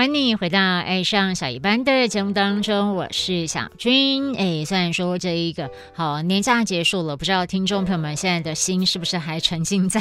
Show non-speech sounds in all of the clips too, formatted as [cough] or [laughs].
歡迎你回到《愛上小一班》的節目當中，我是小君。哎，雖然說這一個好年假結束了，不知道聽眾朋友們現在的心是不是還沉浸在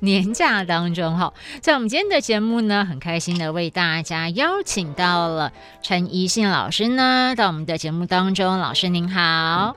年假當中？哈，在我們今天的節目呢，很開心的為大家邀請到了陳怡杏老師呢到我們的節目當中。老師您好，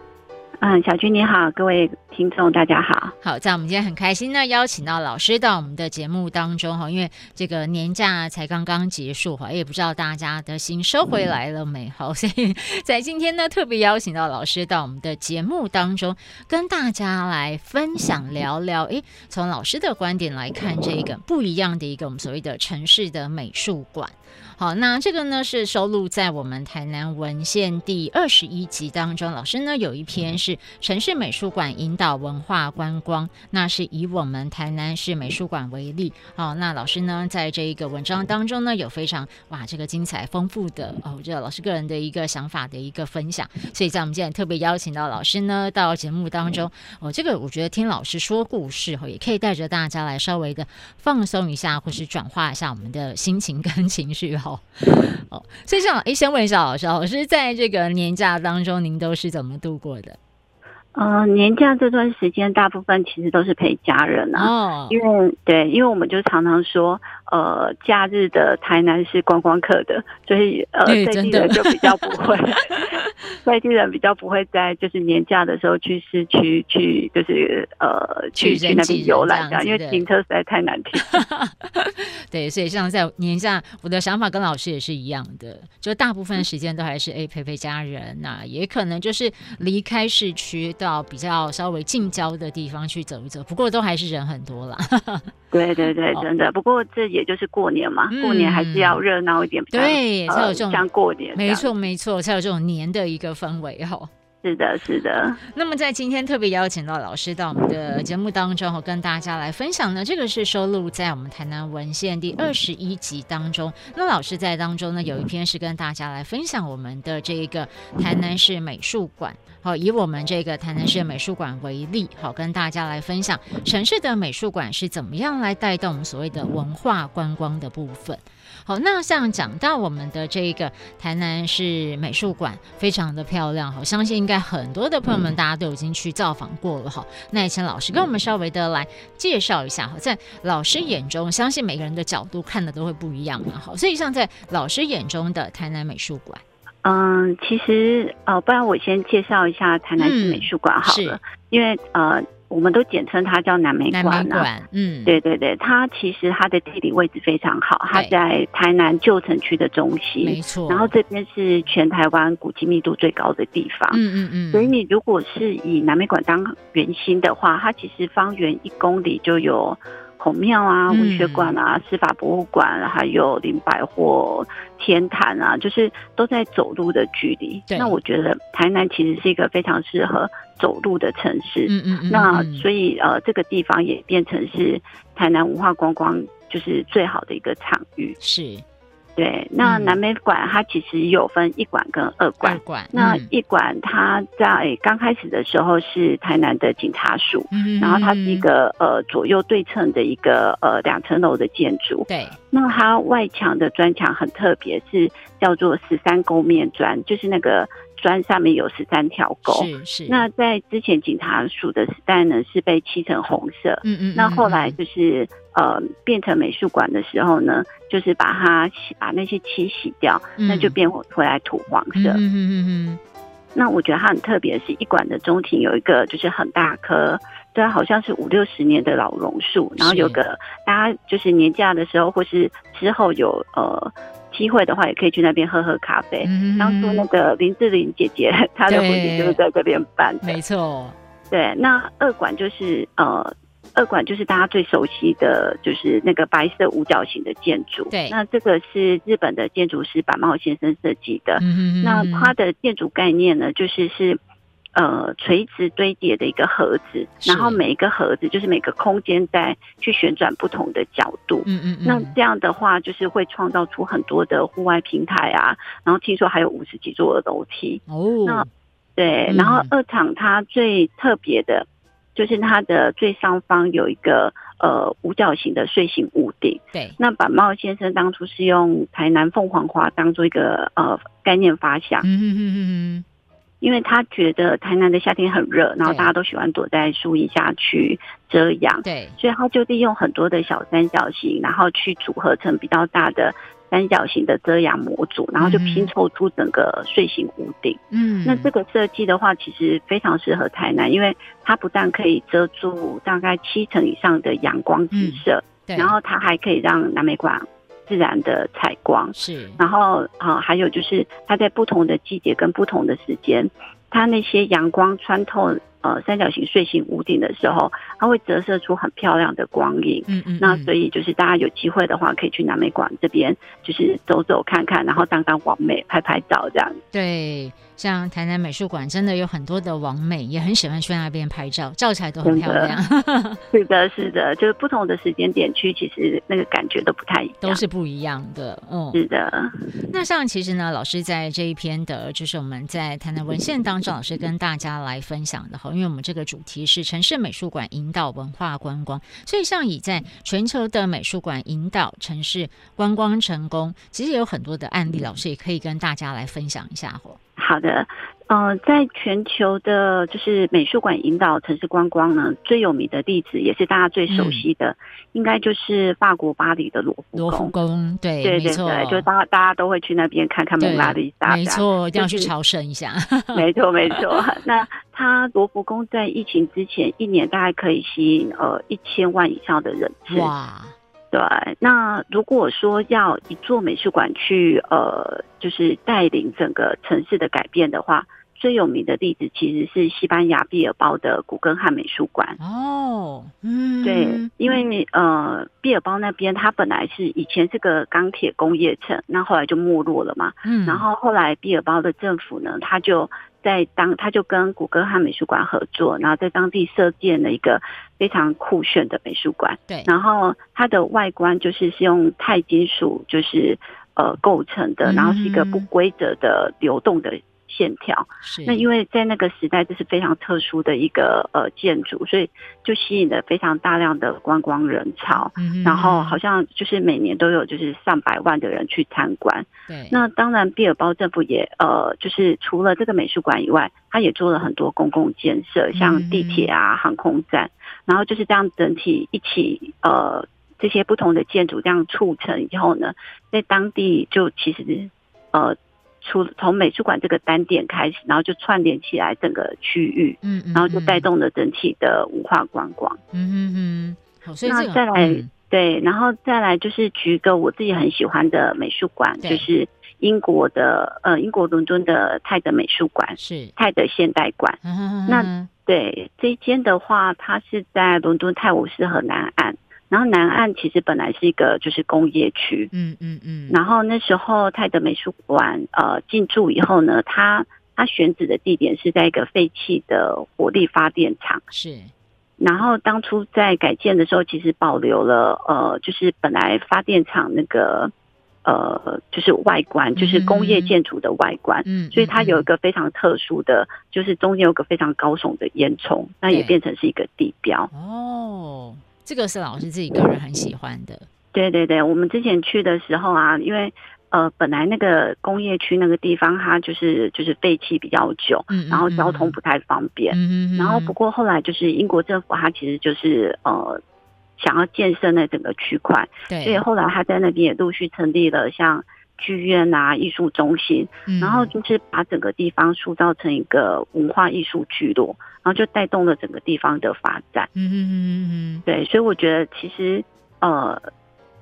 嗯，小君你好，各位。聽眾大家好，好，在我們今天很開心呢，邀請到老師到我們的節目當中哈，因為這個年假才剛剛結束哈，也不知道大家的心收回來了沒，好，所以在今天呢，特別邀請到老師到我們的節目當中，跟大家來分享聊聊，誒，從老師的觀點來看，這一個不一樣的一個我們所謂的城市的美術館，好，那這個呢是收錄在我們台南文獻第二十一集當中，老師呢有一篇是城市美術館引導。到文化觀光，那是以我們台南市美術館為例。好，哦，那老師呢，在這一個文章當中呢，有非常哇，這個精彩豐富的哦，我覺得老師個人的一個想法的一個分享。所以在我們今天特別邀請到老師呢，到節目當中哦。這個我覺得聽老師說故事哦，也可以帶着大家來稍微的放鬆一下，或是轉化一下我們的心情跟情緒哦。哦。所以想哎，先問一下老師，老師在這個年假當中，您都是怎麼度過的？.嗯、呃，年假這段時間，大部分其實都是陪家人啊，Oh. 因為對，因為我們就常常說。呃，假日的台南是觀光客的，所以呃，在地人就比較不會，外 [laughs] 地人比較不會在就是年假的時候去市區去，去，就是呃去去那邊遊覽，因為停車實在太難停了。 [laughs] 對，所以像在年假，我的想法跟老師也是一樣的，就大部分時間都還是哎陪陪家人、啊，那也可能就是離開市區到比較稍微近郊的地方去走一走，不過都還是人很多啦。 [laughs] 對對對，真的。不過這也就是過年嘛，嗯、過年還是要熱鬧一點。比較對、呃，才有這種像過年這樣，沒錯沒錯，才有這種年的一個氛圍吼、哦。是的，是的。那麼在今天特別邀請到老師到我們的節目當中，好，跟大家來分享呢。這個是收錄在我們《台南文獻》第二十一集當中。那老師在當中呢，有一篇是跟大家來分享我們的這個台南市美術館。好，以我們這個台南市美術館為例，好，跟大家來分享城市的美術館是怎麼樣來帶動我們所謂的文化觀光的部分。好，那像講到我們的這個台南市美術館，非常的漂亮。好，相信應該。在很多的朋友們，大家都已經去造訪過了哈。那也請老師跟我們稍微的來介紹一下哈，在老師眼中，相信每個人的角度看的都會不一樣嘛哈。所以像在老師眼中的台南美術館，嗯，其實呃，不然我先介紹一下台南市美術館好了，是。因為呃。我們都簡稱它叫南美館。嗯，對對對，它其實它的地理位置非常好，它在台南舊城區的中心，沒錯。然後這邊是全台灣古蹟密度最高的地方。嗯嗯嗯。所以你如果是以南美館當圓心的話，它其實方圓一公里就有，孔廟啊，文學館啊、嗯，司法博物館，還有林百貨、天壇啊，就是都在走路的距離。那我覺得台南其實是一個非常適合走路的城市。嗯嗯，嗯，嗯，那所以呃，這個地方也變成是台南文化觀光，光就是最好的一個場域。是。對，那南美館它其實有分一館跟二館、嗯。那一館它在、欸、剛開始的時候是台南的警察署，嗯、然後它是一個呃左右對稱的一個呃兩層樓的建築。對，那它外牆的磚牆很特別，是叫做十三溝面磚，就是那個磚上面有十三條溝。是是。那在之前警察署的時代呢，是被漆成紅色。嗯嗯。那後來就是。呃，變成美術館的時候呢，就是把它把那些漆洗掉，嗯、那就變回回來土黃色。嗯嗯嗯，嗯那我覺得它很特別，是一館的中庭有一個，就是很大棵，對，好像是五六十年的老榕樹。然後有個大家就是年假的時候，或是之後有呃機會的話，也可以去那邊喝喝咖啡。當、嗯、初那個林志玲姐姐，她的婚禮就是在那邊辦的。沒錯，對。那二館就是呃。二館就是大家最熟悉的就是那個白色五角形的建築，對，那這個是日本的建築師坂茂先生設計的，嗯嗯，嗯，那它的建築概念呢，就是是呃垂直堆疊的一個盒子，然後每一個盒子就是每個空間在去旋轉不同的角度，嗯，嗯嗯，那這樣的話就是會創造出很多的戶外平台啊，然後聽說還有五十幾座的樓梯哦，那對、嗯，然後二廠它最特別的，就是它的最上方有一個呃五角形的碎形屋頂，對。那坂茂先生當初是用台南鳳凰花當作一個呃概念發想，嗯嗯嗯嗯，因為他覺得台南的夏天很熱，然後大家都喜歡躲在樹蔭下去遮陽，對啊。所以他就利用很多的小三角形，然後去組合成比較大的。三角形的遮陽模組，然後就拼湊出整個碎形屋頂。嗯，那這個設計的話，其實非常適合台南，因為它不但可以遮住大概七成以上的陽光直射，嗯，對，然後它還可以讓南美館自然的採光。是，然後啊、呃，還有就是它在不同的季節跟不同的時間，它那些陽光穿透。呃，三角形碎形屋頂的時候，它會折射出很漂亮的光影。嗯嗯，嗯。那所以就是大家有機會的話，可以去南美館這邊，就是走走看看，然後當當網美拍拍照這樣。對，像台南美術館真的有很多的網美，也很喜歡去那邊拍照，照起來都很漂亮。 [laughs] 是的，是的，就是不同的時間點去，其實那個感覺都不太一樣，都是不一樣的。嗯、哦，是的。那像其實呢，老師在這一篇的就是我們在台南文獻當中，老師跟大家來分享的話。因為我們這個主題是城市美術館引導文化觀光，所以像以在全球的美術館引導城市觀光成功，其實也有很多的案例，老師也可以跟大家來分享一下哦。好的，嗯、呃，在全球的，就是美術館引導城市觀光呢，最有名的地址也是大家最熟悉的、嗯，應該就是法國巴黎的羅浮羅浮宮。對對對對，對就大大家都會去那邊看看蒙娜麗莎。沒錯，一定要去朝聖一下。沒錯沒錯，那。 [laughs] [laughs] 他羅浮宮在疫情之前一年大概可以吸引呃一千萬以上的人次。哇！對，那如果說要一座美術館去呃，就是帶領整個城市的改變的話，最有名的例子其實是西班牙畢爾包的古根漢美術館。哦，嗯，對，因為呃，畢爾包那邊它本來是以前是個鋼鐵工業城，那後來就沒落了嘛。嗯，然後後來畢爾包的政府呢，他就。在當他就跟古根漢美術館合作，然後在當地設建了一個非常酷炫的美術館。對，然後它的外觀就是是用鈦金屬就是呃構成的，然後是一個不規則的流動的。嗯嗯線條，那因為在那個時代，這是非常特殊的一個呃建築，所以就吸引了非常大量的觀光人潮。嗯，然後好像就是每年都有就是上百萬的人去參觀。對，那當然，畢爾包政府也呃，就是除了這個美術館以外，他也做了很多公共建設，像地鐵啊、航空站，然後就是這樣整體一起呃這些不同的建築這樣促成以後呢，在當地就其實呃。從從美術館這個單點開始，然後就串聯起來整個區域，嗯嗯嗯，然後就帶動了整體的文化觀光。嗯嗯嗯、啊。那再來、嗯，對，然後再來就是舉一個我自己很喜歡的美術館，就是英國的呃英國倫敦的泰德美術館，是泰德現代館。嗯、哼哼哼哼，那對這一間的話，它是在倫敦泰晤士河南岸。然後南岸其實本來是一個就是工業區，嗯嗯嗯。然後那時候泰德美術館呃進駐以後呢，它它選址的地點是在一個廢棄的火力發電廠，是。然後當初在改建的時候，其實保留了呃，就是本來發電廠那個呃，就是外觀，就是工業建築的外觀，嗯。所以它有一個非常特殊的，嗯嗯嗯、就是中間有一個非常高聳的煙囪，那、欸、也變成是一個地標哦。這個是老師自己個人很喜歡的。對對對，我們之前去的時候啊，因為呃本來那個工業區那個地方，它就是就是廢棄比較久，然後交通不太方便。嗯、嗯、嗯、嗯、嗯。然後不過後來就是英國政府，它其實就是呃想要建設那整個區塊，對，所以後來他在那邊也陸續成立了像劇院啊、藝術中心、嗯，然後就是把整個地方塑造成一個文化藝術聚落。然後就帶動了整個地方的發展。嗯哼嗯哼。對，所以我覺得其實呃，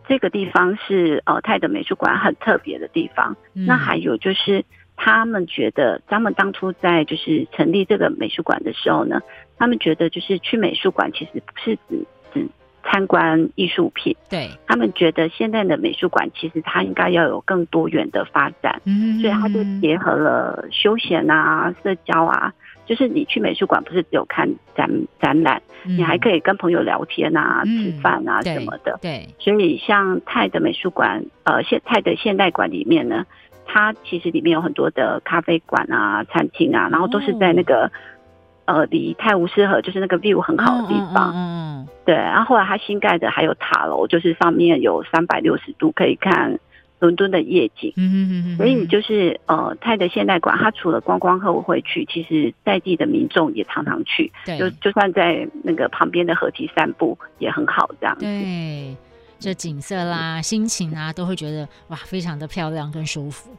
這個地方是呃泰德美術館很特別的地方。嗯。那還有就是，他們覺得他們當初在就是成立這個美術館的時候呢，他們覺得就是去美術館其實不是只只參觀藝術品。對，他們覺得現在的美術館其實它應該要有更多元的發展。嗯，嗯。所以它就結合了休閒啊、社交啊。就是你去美術館，不是只有看展展覽，你還可以跟朋友聊天啊、嗯、吃飯啊什麼的、嗯對。對，所以你像泰德美術館，呃，現泰德的現代館裡面呢，它其實裡面有很多的咖啡館啊、餐廳啊，然後都是在那個、哦、呃離泰晤士河就是那個 view 很好的地方。嗯、哦哦哦，對。然後後來它新蓋的還有塔樓，就是上面有三百六十度可以看。倫敦的夜景，嗯、哼哼哼，所以你就是呃泰德現代館，它除了觀光客我會去，其實在地的民眾也常常去，就就算在那個旁邊的河堤散步也很好，這樣子對，就景色啦、心情啊，都會覺得哇，非常的漂亮跟舒服，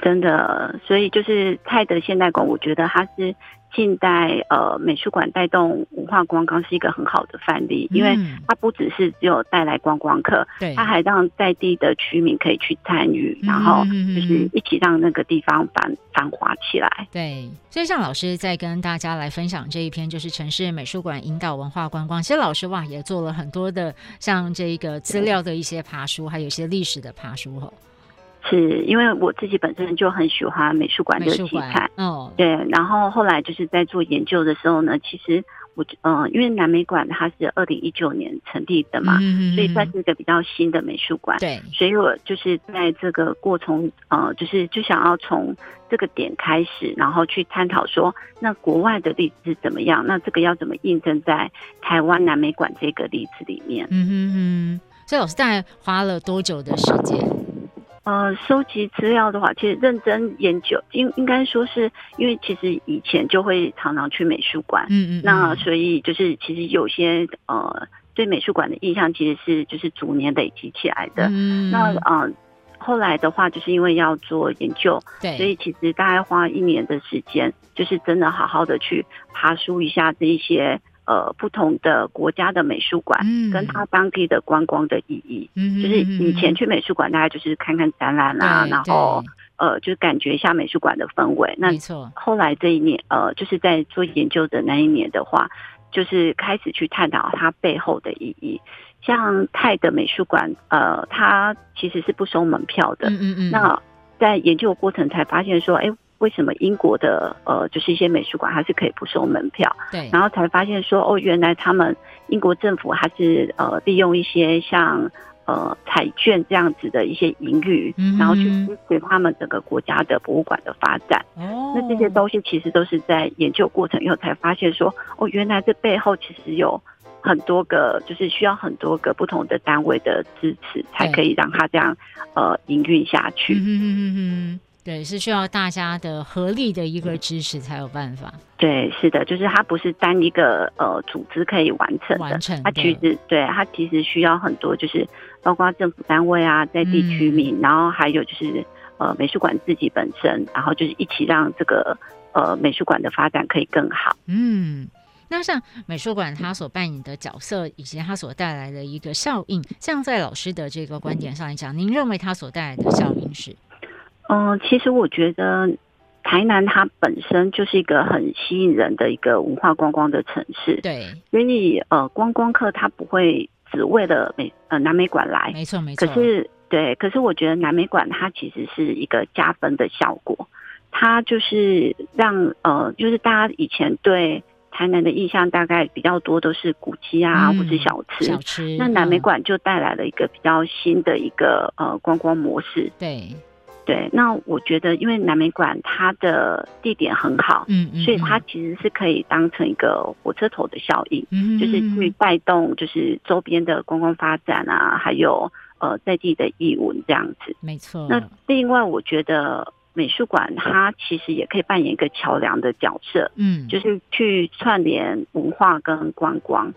真的。所以就是泰德現代館，我覺得它是。近代呃美術館帶動文化觀光是一個很好的範例，嗯，因為它不只是只有帶來觀光客，對，它還讓在地的居民可以去參與，嗯，然後就是一起讓那個地方繁繁華起來。對，所以像老師在跟大家來分享這一篇，就是城市美術館引導文化觀光。其實老師哇，也做了很多的像這個資料的一些爬梳，還有一些歷史的爬梳哈。是因為我自己本身就很喜歡美術館的題材，哦，對，然後後來就是在做研究的時候呢，其實我嗯、呃，因為南美館它是二零一九年成立的嘛嗯嗯嗯，所以算是一個比較新的美術館，對，所以我就是在這個過程，呃，就是就想要從這個點開始，然後去探討說，那國外的例子是怎麼樣？那這個要怎麼印證在台灣南美館這個例子裡面？嗯哼、嗯、哼、嗯，所以老師在花了多久的時間？呃，收集資料的話，其實認真研究，應應該說是因為其實以前就會常常去美術館，嗯，嗯嗯，那所以就是其實有些呃對美術館的印象其實是就是逐年累積起來的，嗯、那啊、呃、後來的話就是因為要做研究，對，所以其實大概花一年的時間，就是真的好好的去爬梳一下這一些。呃，不同的國家的美術館，嗯，跟他當地的觀光的意義，嗯，就是以前去美術館，大概就是看看展覽啦、啊哎，然後，呃，就感覺一下美術館的氛圍那。沒錯。後來這一年，呃，就是在做研究的那一年的話，就是開始去探討它背後的意義。像泰德美術館，呃，它其實是不收門票的。嗯嗯，嗯那在研究的過程才發現說，哎。為什麼英國的呃，就是一些美術館還是可以不收門票？對。然後才發現說，哦，原來他們英國政府還是呃，利用一些像呃彩券這樣子的一些盈餘，嗯，然後去支持他們整個國家的博物館的發展。哦。那這些東西其實都是在研究過程以後才發現說，哦，原來這背後其實有很多個，就是需要很多個不同的單位的支持，才可以讓他這樣呃營運下去。嗯嗯嗯嗯。對，是需要大家的合力的一個支持才有辦法，嗯。對，是的，就是它不是單一個呃組織可以完成的，完成的。它其實，對它其實需要很多，就是包括政府單位啊，在地居民，嗯，然後還有就是呃美術館自己本身，然後就是一起讓這個呃美術館的發展可以更好。嗯，那像美術館它所扮演的角色以及它所帶來的一個效應，像在老師的這個觀點上來講，您認為它所帶來的效應是？嗯嗯、呃，其實我覺得，台南它本身就是一個很吸引人的一個文化觀光的城市。對，因為你呃，觀光客他不會只為了美呃南美館來，沒錯沒錯。可是對，可是我覺得南美館它其實是一個加分的效果，它就是讓呃，就是大家以前對台南的印象大概比較多都是古蹟啊，嗯、或是小吃、嗯、小吃。那南美館就帶來了一個比較新的一個呃觀光模式。對。對，那我覺得，因為南美館它的地點很好，嗯、嗯、嗯，所以它其實是可以當成一個火車頭的效應，嗯、嗯、嗯，就是去帶動就是週邊的觀光發展啊，還有呃在地的藝文這樣子，沒錯。那另外，我覺得美術館它其實也可以扮演一個橋樑的角色，嗯，就是去串聯文化跟觀光，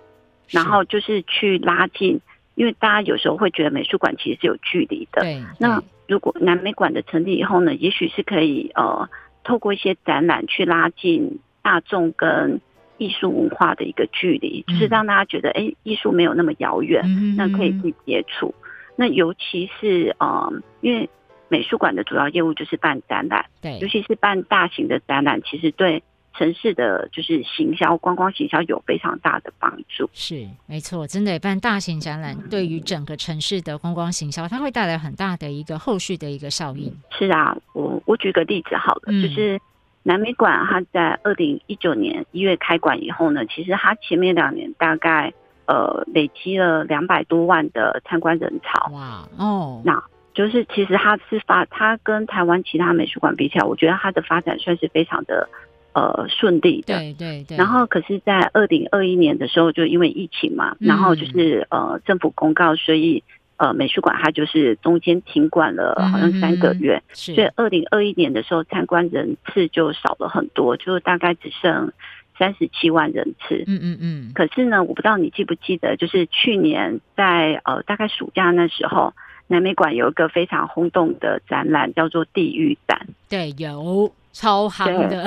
然後就是去拉近。因為大家有時候會覺得美術館其實是有距離的。對。那如果南美館的成立以後呢，也許是可以呃，透過一些展覽去拉近大眾跟藝術文化的一個距離，嗯、就是讓大家覺得哎，藝術沒有那麼遙遠，嗯、哼哼那可以去接觸。那尤其是呃，因為美術館的主要業務就是辦展覽，對，尤其是辦大型的展覽，其實對。城市的就是行銷，觀光行銷有非常大的幫助，是沒錯，真的辦大型展覽對於整個城市的觀光行銷，它會帶來很大的一個後續的一個效應。嗯，是啊，我我舉個例子好了，嗯，就是南美館，它在二零一九年一月開館以後呢，其實它前面兩年大概呃累積了兩百多萬的參觀人潮。哇哦，那就是其實它是發，它跟台灣其他美術館比起來，我覺得它的發展算是非常的。呃，順利的，對對對，然後，可是在二零二一年的時候，就因為疫情嘛，嗯、然後就是呃，政府公告，所以呃，美術館它就是中間停館了，好像三個月。嗯、所以二零二一年的時候，參觀人次就少了很多，是就大概只剩三十七萬人次。嗯嗯嗯。可是呢，我不知道你記不記得，就是去年在呃，大概暑假那時候，南美館有一個非常轟動的展覽，叫做《地獄展》。對，有。超夯的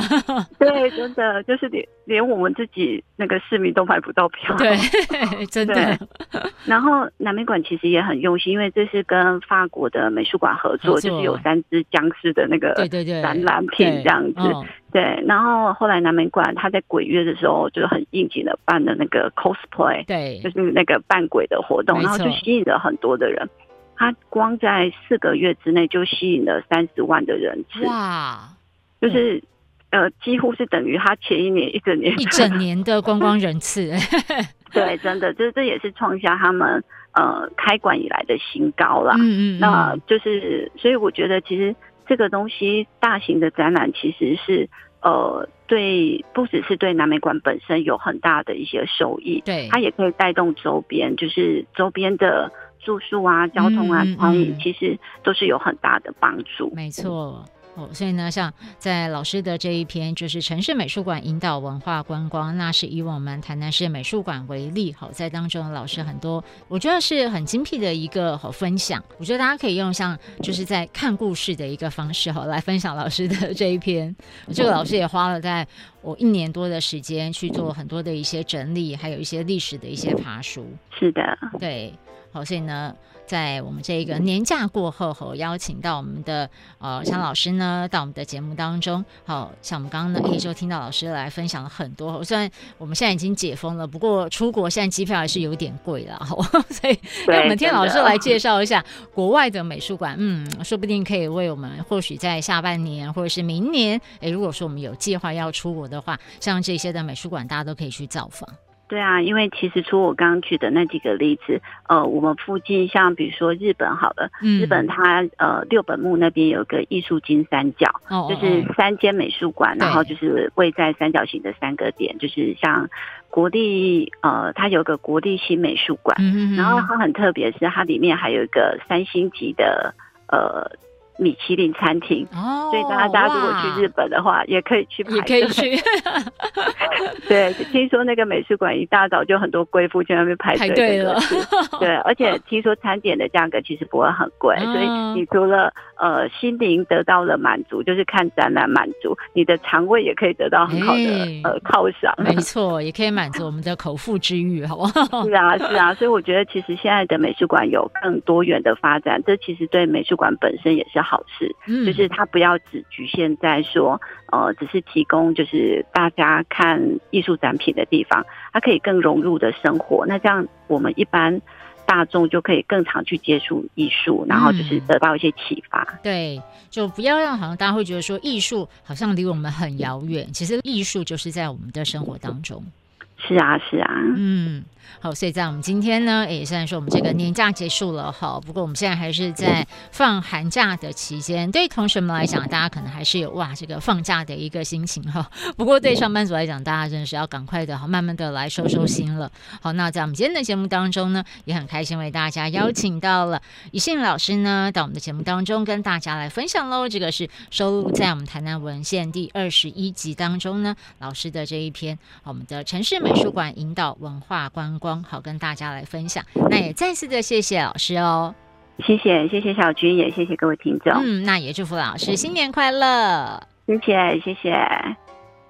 對，對，真的就是連連我們自己那個市民，都買不到票。對，真的。然後南美館其實也很用心，因為這是跟法國的美術館合作，就是有三隻殭屍的那個展覽品這樣子，對對對對，哦。對，然後後來南美館他在鬼月的時候，就很應景的辦了那個 cosplay，對，就是那個扮鬼的活動，然後就吸引了很多的人。他光在四個月之內就吸引了三十萬的人次。哇！就是、嗯，呃，幾乎是等於他前一年一整年一整年的觀光人次， [laughs] [laughs] 對，真的，這這也是創下他們呃開館以來的新高啦。嗯，嗯嗯，那就是，所以我覺得其實這個東西，大型的展覽其實是呃對，不只是對南美館本身有很大的一些收益，對，它也可以帶動周邊，就是周邊的住宿啊、交通啊，餐、嗯、飲、嗯嗯，其實都是有很大的幫助。沒錯。哦、所以呢，像在老師的這一篇，就是城市美術館引導文化觀光，那是以我們台南市美術館為例。好、哦，在當中老師很多，我覺得是很精闢的一個好、哦、分享。我覺得大家可以用像就是在看故事的一個方式，好、哦、來分享老師的這一篇。這、嗯、個老師也花了在。我一年多的時間去做很多的一些整理，嗯、還有一些歷史的一些爬梳。是的，對，好，所以呢，在我們這個年假過後，我邀請到我們的呃杏老師呢到我們的節目當中。好像我們剛剛呢一直就聽到老師來分享了很多。雖然我們現在已經解封了，不過出國現在機票還是有點貴了，好，所以那、欸、我們聽老師來介紹一下國外的美術館。嗯，說不定可以為我們或許在下半年或者是明年，哎、欸，如果說我們有計劃要出國。的話，像這些的美術館，大家都可以去造訪。對啊，因為其實除我剛剛舉的那幾個例子，呃，我們附近像比如說日本好了，嗯、日本它呃六本木那邊有個藝術金三角，哦哦哦就是三間美術館，然後就是位在三角形的三個點，就是像國立呃，它有個國立新美術館、嗯嗯嗯，然後它很特別，是它裡面還有一個三星級的呃。米其林餐廳哦，所以大家，大家如果去日本的話，也可，也可以去，排隊。對，聽說那個美術館一大早就很多貴婦在那邊排隊 [laughs] 對，而且聽說餐點的價格其實不會很貴，哦，所以你除了呃心靈得到了滿足，就是看展覽滿足，你的腸胃也可以得到很好的、欸、呃犒賞。 [laughs] 沒錯，也可以滿足我們的口腹之欲，好不好？ [laughs] 是啊，是啊。所以我覺得，其實現在的美術館有更多元的發展，這其實對美術館本身也是好好事，嗯，就是它不要只侷限在說，呃，只是提供就是大家看藝術展品的地方，它可以更融入的生活。那這樣我們一般大眾就可以更常去接觸藝術，然後就是得到一些啟發。嗯，對，就不要讓好像大家會覺得說藝術好像離我們很遙遠，其實藝術就是在我們的生活當中。是啊，是啊，嗯，好，所以在我們今天呢，也算是說我們這個年假結束了哈。不過我們現在還是在放寒假的期間，對同學們來講，大家可能還是有哇這個放假的一個心情哈。不過對上班族來講，大家真的是要趕快的，好，慢慢的來收收心了。好，那在我們今天的節目當中呢，也很開心為大家邀請到了怡杏老師呢，到我們的節目當中跟大家來分享嘍。這個是收錄在我們《台南文獻》第二十一集當中呢，老師的這一篇，我們的城市美。美術館引導文化觀光，好，跟大家來分享。那也再次的謝謝老師哦，謝謝謝謝小軍，也謝謝各位聽眾。嗯，那也祝福老師新年快樂。謝、嗯、謝謝謝。